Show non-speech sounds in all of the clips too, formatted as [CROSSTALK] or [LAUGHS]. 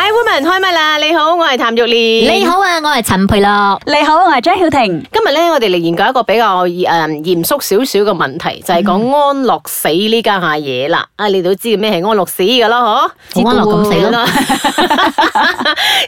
Hi, woman，開嘜啦！你好，我係譚玉蓮。你好啊，我係陳佩樂。你好，我係張曉婷。今日咧，我哋嚟研究一個比較誒嚴肅少少嘅問題，就係講安樂死呢家下嘢啦。啊，你都知咩係安樂死嘅咯？嗬，安樂死咯。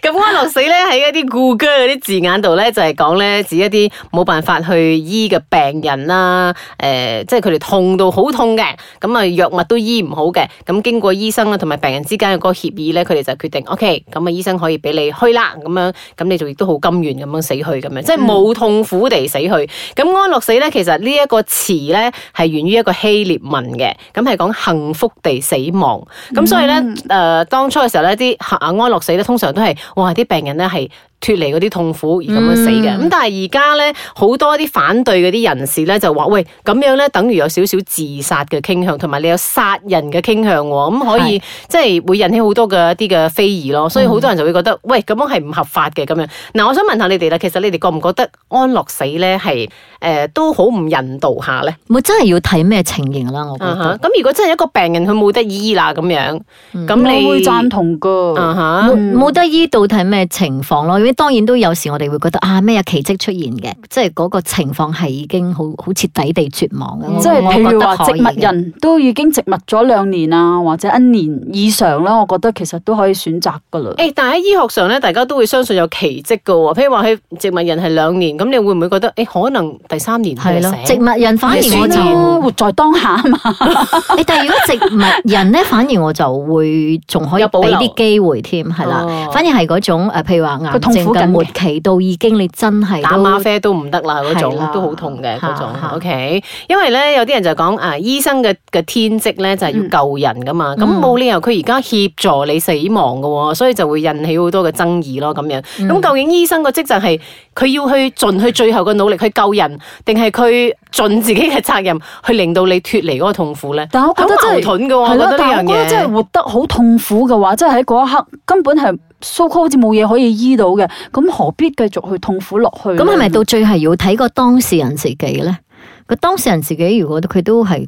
咁安樂死咧喺一啲故居嗰啲字眼度咧，就係講咧指一啲冇辦法去醫嘅病人啦。誒，即係佢哋痛到好痛嘅，咁啊藥物都醫唔好嘅，咁經過醫生啊同埋病人之間嘅嗰個協議咧，佢哋就決定我。咁啊，醫生可以俾你虛冷咁樣，咁你就亦都好甘願咁樣死去咁樣，即係冇痛苦地死去。咁、嗯、安樂死咧，其實呢一個詞咧係源於一個希臘文嘅，咁係講幸福地死亡。咁、嗯、所以咧，誒、呃，當初嘅時候咧，啲啊安樂死咧，通常都係話啲病人咧係。脱離嗰啲痛苦而咁樣死嘅，咁、嗯、但係而家咧好多啲反對嗰啲人士咧就話：喂，咁樣咧等於有少少自殺嘅傾向，同埋你有殺人嘅傾向，咁、嗯、可以是即係會引起好多嘅一啲嘅非議咯。所以好多人就會覺得：嗯、喂，咁樣係唔合法嘅咁樣。嗱、呃，我想問,問下你哋啦，其實你哋覺唔覺得安樂死咧係誒都好唔人道下咧？唔真係要睇咩情形啦，我覺得、啊。咁如果真係一個病人佢冇得醫啦咁樣，咁你、嗯、會贊同㗎？冇、啊嗯、得醫到睇咩情況咯？當然都有時，我哋會覺得啊，咩嘢奇蹟出現嘅，即係嗰個情況係已經好好徹底地絕望、嗯、即係譬如話植物人都已經植物咗兩年喇，或者一年以上咧，我覺得其實都可以選擇噶嘞。但係喺醫學上咧，大家都會相信有奇蹟噶喎。譬如話喺植物人係兩年，咁你會唔會覺得誒可能第三年係咯？植物人反而我就活在當下啊嘛。 [LAUGHS] 但係如果植物人咧，反而我就會仲可以畀啲機會添，係啦、哦。反而係嗰種譬如話附近嘅，期到已經你真係打嗎啡都唔得啦，嗰種都好痛嘅嗰種。OK，因為咧有啲人就講啊，醫生嘅嘅天職咧就係、是、要救人噶嘛，咁冇理由佢而家協助你死亡噶喎、哦，所以就會引起好多嘅爭議咯、哦、咁樣。咁、嗯、究竟醫生個職責係佢要去盡佢最後嘅努力去救人，定係佢盡自己嘅責任去令到你脫離嗰個痛苦咧？好矛盾嘅喎，係咯，但係我覺得真係、哦、活得好痛苦嘅話，即係喺嗰一刻根本係。So 好似冇嘢可以醫到嘅，咁何必繼續去痛苦落去？咁係咪到最後要睇個當事人自己咧？個當事人自己如果佢都係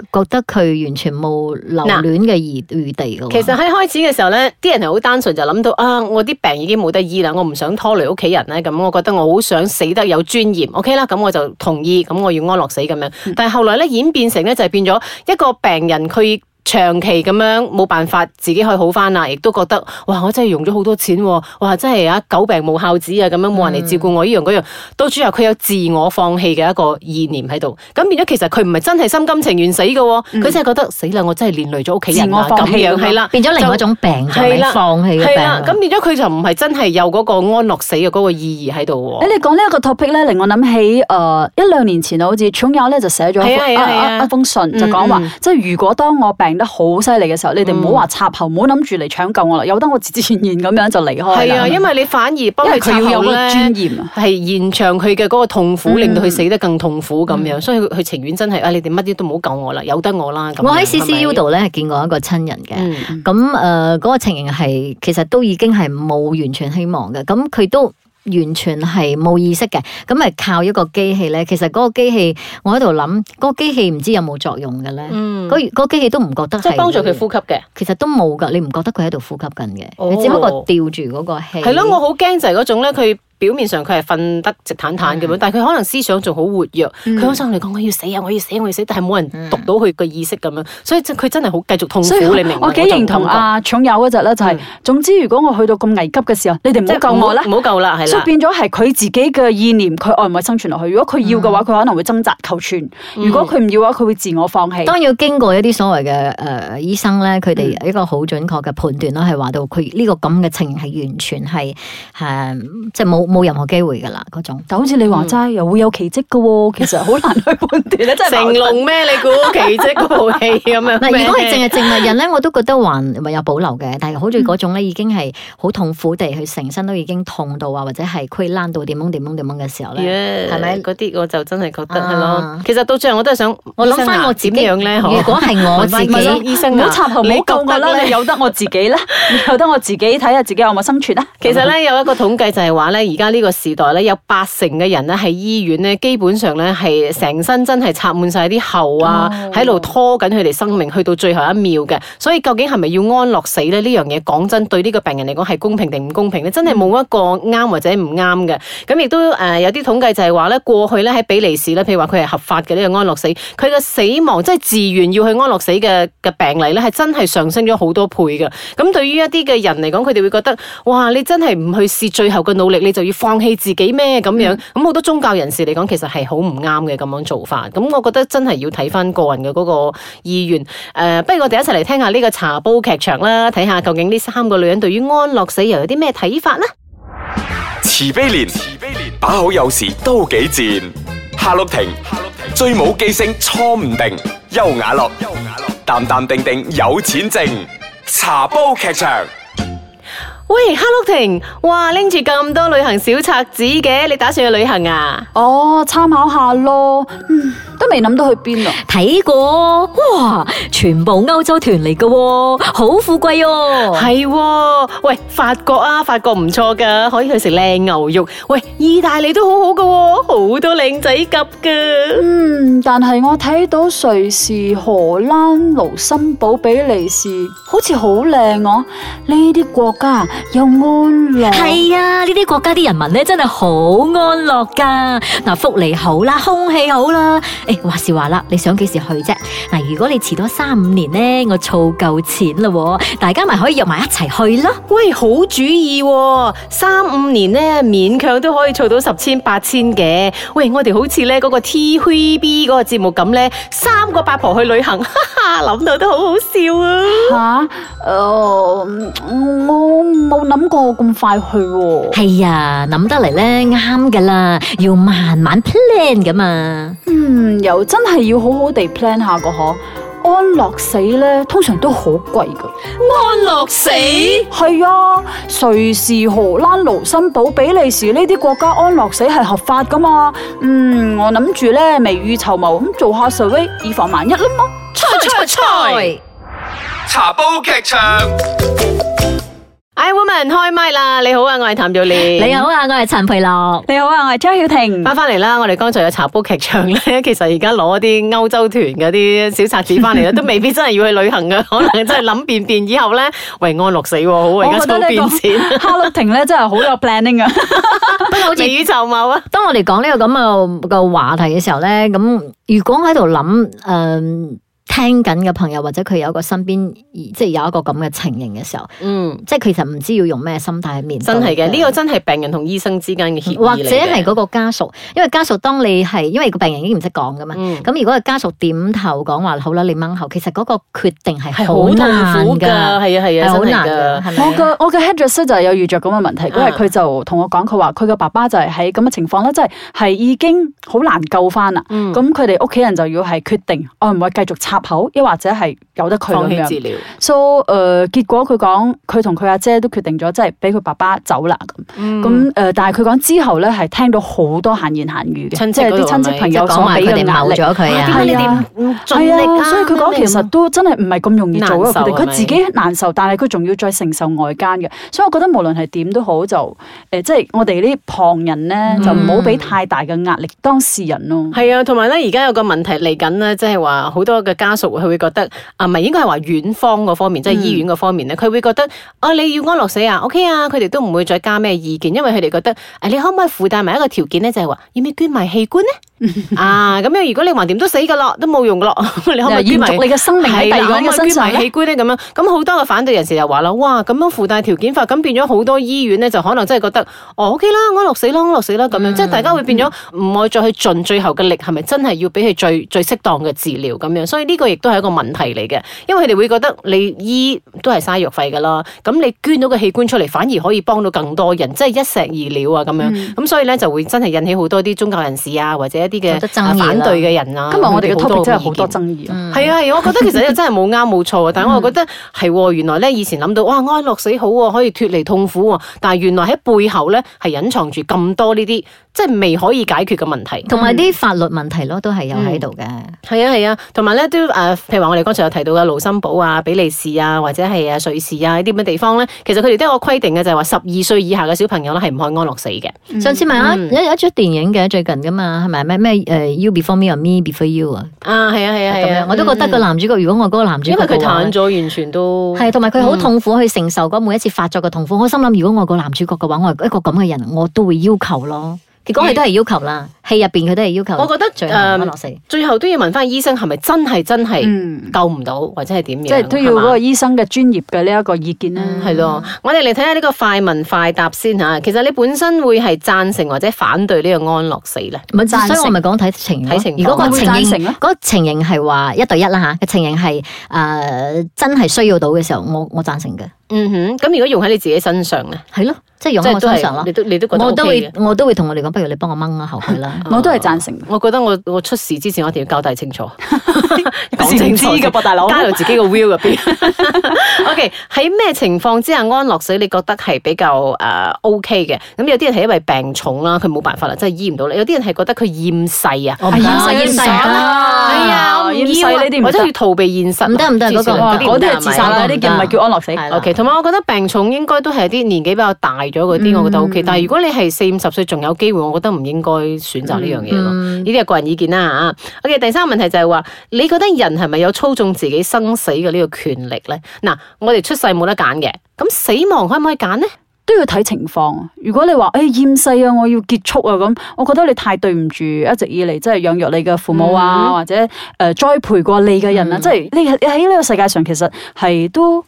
覺得佢完全冇留戀嘅餘餘地嘅、啊，其實喺開始嘅時候咧，啲人係好單純就諗到啊，我啲病已經冇得醫啦，我唔想拖累屋企人咧，咁我覺得我好想死得有尊嚴。OK 啦，咁我就同意，咁我要安樂死咁樣。但係後來咧演變成咧就係變咗一個病人佢。長期咁樣冇辦法，自己可以好返啦，亦都覺得哇！我真係用咗好多錢喎，哇！真係啊，久病無孝子啊，咁樣冇人嚟照顧我依樣嗰樣。到最後佢有自我放棄嘅一個意念喺度，咁變咗其實佢唔係真係心甘情願死嘅，佢真係覺得、嗯、死啦，我真係連累咗屋企人啊咁樣，係、啊、啦，變咗另一種病同埋放棄嘅病。咁、啊、變咗佢就唔係真係有嗰個安樂死嘅嗰個意義喺度。誒，你講呢一個 topic 咧，令我諗起誒、uh, 一兩年前好似蔣友咧就寫咗一封、啊啊啊啊啊啊啊、封信就、嗯，就講話即係如果當我病。好犀利嘅時候，你哋唔好話插喉，唔好諗住嚟搶救我啦、嗯，有得我自自然然咁樣就離開了。係啊，因為你反而幫佢插喉，因為佢要有個尊嚴咧，係延長佢嘅嗰個痛苦，嗯、令到佢死得更痛苦咁、嗯、樣，所以佢情願真係啊，你哋乜啲都唔好救我啦，有得我啦。我喺 CCU 度咧，係見過一個親人嘅，咁誒嗰個情形係其實都已經係冇完全希望嘅，咁佢都。完全係冇意識嘅，咁係靠一個機器咧。其實嗰個機器，我喺度諗，嗰、那個機器唔知有冇作用嘅咧。嗯，嗰、嗰、嗰、個、機器都唔覺得是，即係幫助佢呼吸嘅。其實都冇噶，你唔覺得佢喺度呼吸緊嘅？你、哦、只不過吊住嗰個氣。係咯，我好驚就係嗰種咧，佢。表面上佢係瞓得直坦坦咁樣，嗯、但係佢可能思想仲好活躍。佢可能同你講：我要死啊！我要死、啊，我要死、啊！但係冇人讀到佢個意識咁樣，嗯、所以佢真係好繼續痛苦。你明我幾認同啊？搶有嗰陣咧，就係總之，如果我去到咁危急嘅時候，嗯、你哋唔好救我啦，唔好救啦，係啦。變咗係佢自己嘅意念，佢愛唔愛生存落去？如果佢要嘅話，佢、嗯、可能會掙扎求存；如果佢唔要嘅話，佢會自我放棄、嗯。當要經過一啲所謂嘅誒、呃、醫生咧，佢哋一個好準確嘅判斷啦，係話到佢呢、呢個咁嘅、呢個、情形係完全係誒、呃，即係冇。冇任何機會㗎啦，嗰種。但好似你話齋、嗯，又會有奇蹟㗎喎、哦。其實好難去判斷咧，即 [LAUGHS] 係成龍咩？你 [LAUGHS] 估奇蹟嗰部戲咁樣嗱，如果係淨係植物人咧， [LAUGHS] 我都覺得還唯有保留嘅。但係好似嗰種咧，已經係好痛苦地去成身都已經痛到啊，或者係潰爛到點樣點樣點樣嘅時候咧，係、yeah, 咪？嗰啲我就真係覺得係咯、啊。其實到最後我都係想，我諗翻我點樣咧？如果係我自己，醫生、啊、樣好 [LAUGHS] 問問醫生、啊、插喉，唔好救我啦，由得我自己啦，由 [LAUGHS] 得我自己睇下、啊、自己有冇生存啦、啊。其實咧有一個統計就係話咧。而家呢個時代咧，有八成嘅人咧喺醫院咧，基本上咧係成身真係插滿晒啲喉啊，喺、oh. 度拖緊佢哋生命，去到最後一秒嘅。所以究竟係咪要安樂死咧？呢樣嘢講真，對呢個病人嚟講係公平定唔公平咧？真係冇一個啱或者唔啱嘅。咁、oh. 亦都誒有啲統計就係話咧，過去咧喺比利時咧，譬如話佢係合法嘅呢、這個安樂死，佢嘅死亡即係自願要去安樂死嘅嘅病例咧，係真係上升咗好多倍嘅。咁對於一啲嘅人嚟講，佢哋會覺得哇，你真係唔去試最後嘅努力，你就。要放棄自己咩咁樣？咁、嗯、好多宗教人士嚟講，其實係好唔啱嘅咁樣做法。咁我覺得真係要睇翻個人嘅嗰個意願。誒、呃，不如我哋一齊嚟聽下呢個茶煲劇場啦，睇下究竟呢三個女人對於安樂死又有啲咩睇法呢？慈悲蓮，慈悲蓮，把口有時都幾賤。夏綠庭，夏綠庭，追舞機聲錯唔定。優雅樂，優雅樂，淡淡定定有錢剩。茶煲劇場。喂，哈囉婷，哇，拎住咁多旅行小冊子嘅，你打算去旅行啊？哦，參考下咯，嗯、都未諗到去邊咯。睇過，哇，全部歐洲團嚟喎、哦，好富貴哦。喎、 [LAUGHS] 哦。喂，法國啊，法國唔錯㗎，可以去食靚牛肉。喂，意大利都好好喎、哦，好多靚仔夾噶。嗯，但係我睇到瑞士、荷蘭、盧森堡、比利時，好似好靚哦。呢啲國家。又安樂係啊！呢啲國家啲人民咧，真係好安樂噶，福利好啦，空氣好啦。誒，話時話啦，你想幾時去啫？如果你遲多三五年呢，我儲夠錢啦，大家咪可以約埋一齊去咯。喂，好主意、哦，喎！三五年呢，勉強都可以儲到十千八千嘅。喂，我哋好似呢嗰個 T V B 嗰個節目咁呢，三個八婆去旅行。 [LAUGHS] 諗到都好好笑啊！吓，誒，我冇諗過咁快去喎。係呀，諗得嚟咧，啱噶啦，要慢慢 plan 噶嘛。嗯，又真係要好好地 plan 下個嗬。安樂死咧，通常都好貴噶。安樂死係啊，瑞士、荷蘭、盧森堡、比利時呢啲國家安樂死係合法噶嘛。嗯，我諗住咧，未雨綢繆咁做下 survey，以防萬一啦嘛。出彩茶煲劇場，哎，Iwoman 開唛啦！你好啊，我係譚玉蓮。你好啊，我係陳培樂。你好啊，我係張曉婷。翻翻嚟啦，我哋剛才嘅茶煲劇場咧，其實而家攞啲歐洲團嗰啲小冊子翻嚟咧，都未必真係要去旅行噶，可能真係諗便便以後咧，為安樂死，好為而家儲變錢。Hello 婷咧真係好有 planning 啊！未雨綢繆啊！當我哋講呢個咁啊個話題嘅時候咧，咁如果喺度諗誒。聽緊嘅朋友或者佢有一個身邊即係有一個咁嘅情形嘅時候，嗯，即係其實唔知要用咩心態去面對。真係嘅，呢、這個真係病人同醫生之間嘅協議，或者係嗰個家屬，因為家屬當你係因為個病人已經唔識講噶嘛，咁、嗯、如果個家屬點頭講話好啦，你掹喉，其實嗰個決定係好好難噶，係啊係啊，係好難㗎。我嘅我嘅 headress 就有遇着咁嘅問題，嗯、因為佢就同我講佢話佢嘅爸爸就係喺咁嘅情況啦，即係係已經好難救翻啦。咁佢哋屋企人就要係決定，我唔會繼續跑，又或者係，由得佢咁樣放棄治療，so 誒、呃、結果佢講，佢同佢阿姐都決定咗，即係俾佢爸爸走啦。咁咁誒，但係佢講之後咧，係聽到好多閒言閒語嘅，即係啲親戚朋友說說所俾嘅壓力。佢你點？係啊，啊，啊，啊，所以佢講其實都真係唔係咁容易做嘅。佢哋佢自己難受，但係佢仲要再承受外間嘅。所以我覺得無論係點都好，就誒即係我哋呢旁人咧，就唔好俾太大嘅壓力當事人咯。係、嗯、啊，同埋咧，而家有個問題嚟緊咧，即係話好多嘅家屬佢會覺得唔係應該係話院方嗰方面，即、就、係、是、醫院嗰方面咧，佢、嗯、會覺得哦、啊，你要安樂死呀 OK 呀，佢、okay、哋、啊、都唔會再加咩意見，因為佢哋覺得你可唔可以附帶埋一個條件呢？就係、是、話要唔要捐埋器官呢？」 [LAUGHS] 啊，咁樣如果你橫掂都死噶咯，都冇用噶咯，你可唔可以捐埋你嘅生命的，係講埋器官咧？咁樣咁好多嘅反對人士就話啦，哇，咁樣附帶條件法，咁變咗好多醫院咧，就可能真係覺得，哦，O K 啦，我、okay、安樂死咯，安樂死啦，咁樣，即、嗯、係大家會變咗唔、嗯、再再去盡最後嘅力,係咪真係要俾佢最最適當嘅治療咁樣？所以呢個亦都係一個問題嚟嘅，因為佢哋會覺得你醫都係嘥藥費噶啦，咁你捐到個器官出嚟，反而可以幫到更多人，即係一石二鳥啊咁樣，咁、嗯、所以咧就會真係引起好多啲宗教人士啊或者。啲反對嘅人啊，今日我哋嘅 topic 真係好多爭議，係啊係，我覺得其實真係冇啱冇錯啊。 [LAUGHS] 但係我又覺得係喎，原來咧以前諗到哇安樂死好喎，可以脫離痛苦，但係原來喺背後咧係隱藏住咁多呢啲即係未可以解決嘅問題，同埋啲法律問題咯，都係有喺度嘅。係啊係啊，同埋咧都誒，譬如話我哋剛才有提到嘅盧森堡啊、比利時啊，或者係瑞士啊呢啲咁嘅地方咧，其實佢哋都有個規定嘅，就係話十二歲以下嘅小朋友咧係唔可以安樂死嘅、嗯嗯。上次咪有、嗯、有一出電影嘅最近噶嘛，係咪咩麼、uh, you before me or me before you 啊？係啊，係啊，係啊，啊，我都覺得個男主角，嗯、如果我係嗰個男主角，因為佢癱咗，完全都係，同埋佢好痛苦去、嗯、承受嗰每一次發作嘅痛苦。我心諗，如果我係個男主角嘅話，我係一個這樣嘅人，我都會要求咯。你講係都係要求啦，戲入邊佢都係要求。我覺得誒、呃，最後都要問翻醫生是不是真的真的不，係咪真係真係救唔到，或者係點樣？即係都要嗰個醫生嘅專業嘅呢一個意見啦。係、嗯、咯，我哋嚟睇下呢個快問快答先吓。其實你本身會係贊成或者反對呢個安樂死咧？唔係贊成。所以我咪講睇情形。睇情況。我贊成咯。嗰個情形係話一對一啦吓，嘅情形係誒、呃、真係需要到嘅時候，我我贊成嘅。嗯哼，咁如果用喺你自己身上咧？係咯。即係用喺我身上你都你都覺得、OK 嘅、我都會，我都會同我哋講，不如你幫我掹下、啊、後背啦。 [LAUGHS] 我都係贊成。 [LAUGHS] 我覺得我我出事之前，我一定要交代清楚。 [LAUGHS] 講政治嘅噃大佬，加入自己個 view 入 [LAUGHS] 邊。O K，喺咩情況之下安樂死？你覺得係比較誒 O K 嘅？咁、uh, okay、有啲人係因為病重啦，佢冇辦法啦，真係醫唔到啦。有啲人係覺得佢厭世啊，厭世厭世啦。厭世唔、啊哎、我都要逃避現實。唔得唔得嗰個，嗰啲係自殺啦，嗰啲唔係叫安樂死。O K，同埋我覺得病重應該都係啲年紀比較大。咗、嗯、啲，我覺得 OK。但係如果你係四五十歲，仲有機會，我覺得唔應該選擇呢樣嘢咯。呢啲係個人意見啦嚇。OK，第三個問題就係話，你覺得人係咪有操縱自己生死嘅呢個權利咧？嗱，我哋出世冇得揀嘅，咁死亡可唔可以揀咧？都要睇情況。如果你話，誒，厭世啊，我要結束啊咁，我覺得你太對唔住，一直以嚟即係養育你嘅父母啊，嗯、或者誒、呃、栽培過你嘅人啊，即、嗯、係、就是、你喺呢個世界上其實係都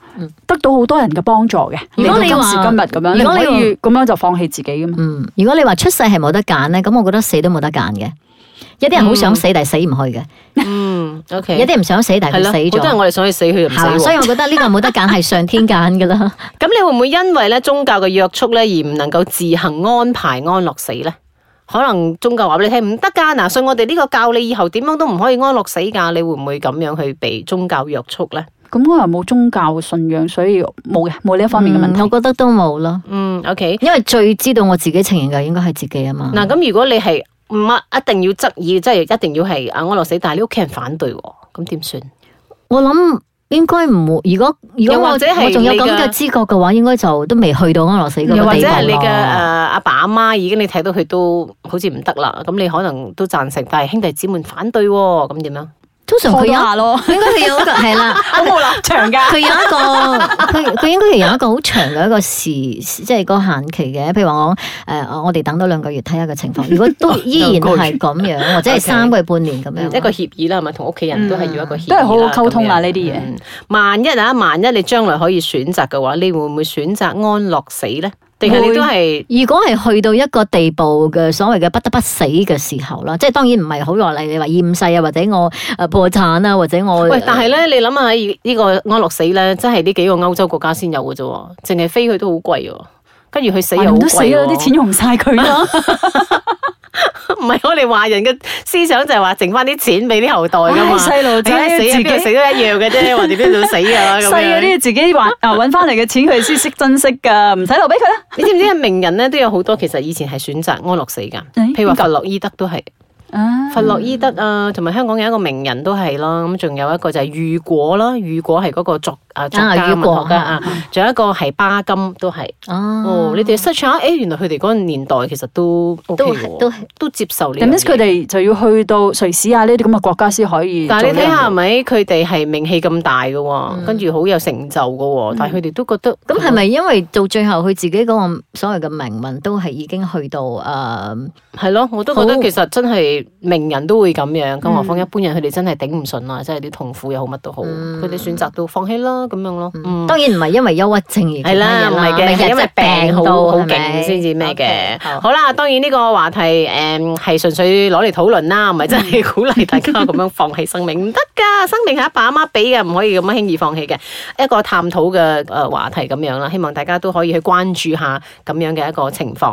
得到好多人嘅幫助嘅。如果你話今時今日咁樣，如你唔可以咁樣就放棄自己嘅嘛。嗯，如果你話出世係冇得揀咧，咁我覺得死都冇得揀嘅。有啲人好想，嗯嗯 okay、想死，但係死唔去嘅。嗯，OK。有啲唔想死，但係佢死咗。好多係我哋想去死，去又唔死。所以我覺得呢個冇得揀，係 [LAUGHS] 上天揀嘅啦。咁 [LAUGHS] 你會唔會因為咧宗教嘅約束咧而唔能夠自行安排安樂死咧？可能宗教話俾你聽唔得噶，嗱，信我哋呢個教，你以後點樣都唔可以安樂死噶。你會唔會咁樣去被宗教約束咧？咁我又冇宗教信仰，所以冇嘅，冇呢一方面嘅問題。我覺得都冇咯。嗯，OK。因為最知道我自己情形嘅應該係自己啊嘛。嗱、啊，咁如果你係。唔係，一定要質疑，即係一定要係阿安樂死，但係你屋企人反對，咁點算？我諗應該唔會，如果如果我或者係我仲有咁嘅知覺嘅話，應該就都未去到安樂死嗰個地方咯。又或者係你嘅誒阿爸阿媽已經你睇到佢都好似唔得啦，咁你可能都贊成，但係兄弟姊妹反對，咁點樣？通常佢有下咯，應該佢有一個係啦，冇立場噶。佢有一個，佢佢應該係有一個好長嘅一個時，即、就、係、是、個限期嘅。譬如話講，誒、呃，我哋等多兩個月睇下個情況。如果都依然係咁樣， [LAUGHS] 或者係三個月半年咁樣， [LAUGHS] okay. 一個協議啦，係咪？同屋企人都係要一個協議，都係好、嗯、好溝通下呢啲嘢。萬一啊，萬一你將來可以選擇嘅話，你會唔會選擇安樂死咧？定係你都係，如果係去到一個地步嘅所謂嘅不得不死嘅時候啦，即係當然唔係好落嚟，你話厭世啊，或者我破產啊，或者我……喂，但係咧、呃，你諗下呢個安樂死咧，真係呢幾個歐洲國家先有嘅啫，淨係飛去都好貴，跟住去死又貴。都死咗，啲、哦、錢用唔晒佢咯。 [LAUGHS] 唔係我哋華人嘅思想就係、是、話剩返啲錢俾啲後代噶嘛，細路仔死啊，自己死都一樣嘅啫，話點解要死啊？細嗰啲自己揾啊揾返嚟嘅錢，佢先識珍惜㗎。唔使留俾佢啦。 [LAUGHS] 你知唔知啊？名人呢都有好多，其實以前係選擇安樂死㗎？譬、哎、如話格洛伊德都係。弗洛伊德啊，同埋香港有一個名人都係啦，咁仲有一個就係雨果啦，雨果係嗰個作啊作家、文學家啊，仲、嗯、有一個係巴金都係、啊。哦，你哋 search 下，誒，原來佢哋嗰個年代其實都、OK、都都都接受。點解佢哋就要去到瑞士啊呢啲咁嘅國家先可以？但係你睇下、啊，係咪佢哋係名氣咁大嘅喎，跟住好有成就嘅喎、啊嗯，但係佢哋都覺得咁係咪因為到最後佢自己嗰個所謂嘅名文都係已經去到誒？係、嗯、咯、嗯嗯，我都覺得其實真係。名人都會咁樣，更何況一般人，佢哋真係頂唔順啊！即係啲痛苦又好，乜都好，佢哋選擇都放棄咯，咁樣咯。當然唔係因為憂鬱症而係啦，唔係嘅，係因為病好好勁先至咩嘅。好啦，當然呢個話題誒係純粹攞嚟討論啦，唔係真係鼓勵大家咁樣放棄生命，唔得噶，生命係阿爸阿媽俾嘅，唔可以咁樣輕易放棄嘅一個探討嘅誒話題咁樣啦。希望大家都可以去關注下咁樣嘅一個情況。